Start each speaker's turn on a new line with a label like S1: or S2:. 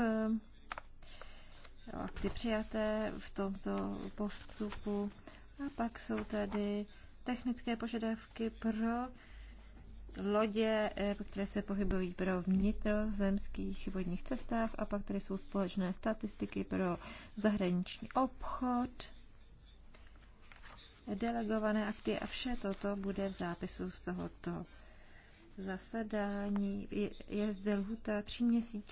S1: Eh, akty přijaté v tomto postupu. A pak jsou tady technické požadavky pro lodě, eh, které se pohybují pro vnitrozemských vodních cestách a pak tady jsou společné statistiky pro zahraniční obchod, delegované akty a vše toto bude v zápisu z tohoto zasedání. Je, je zde lhuta tříměsíční.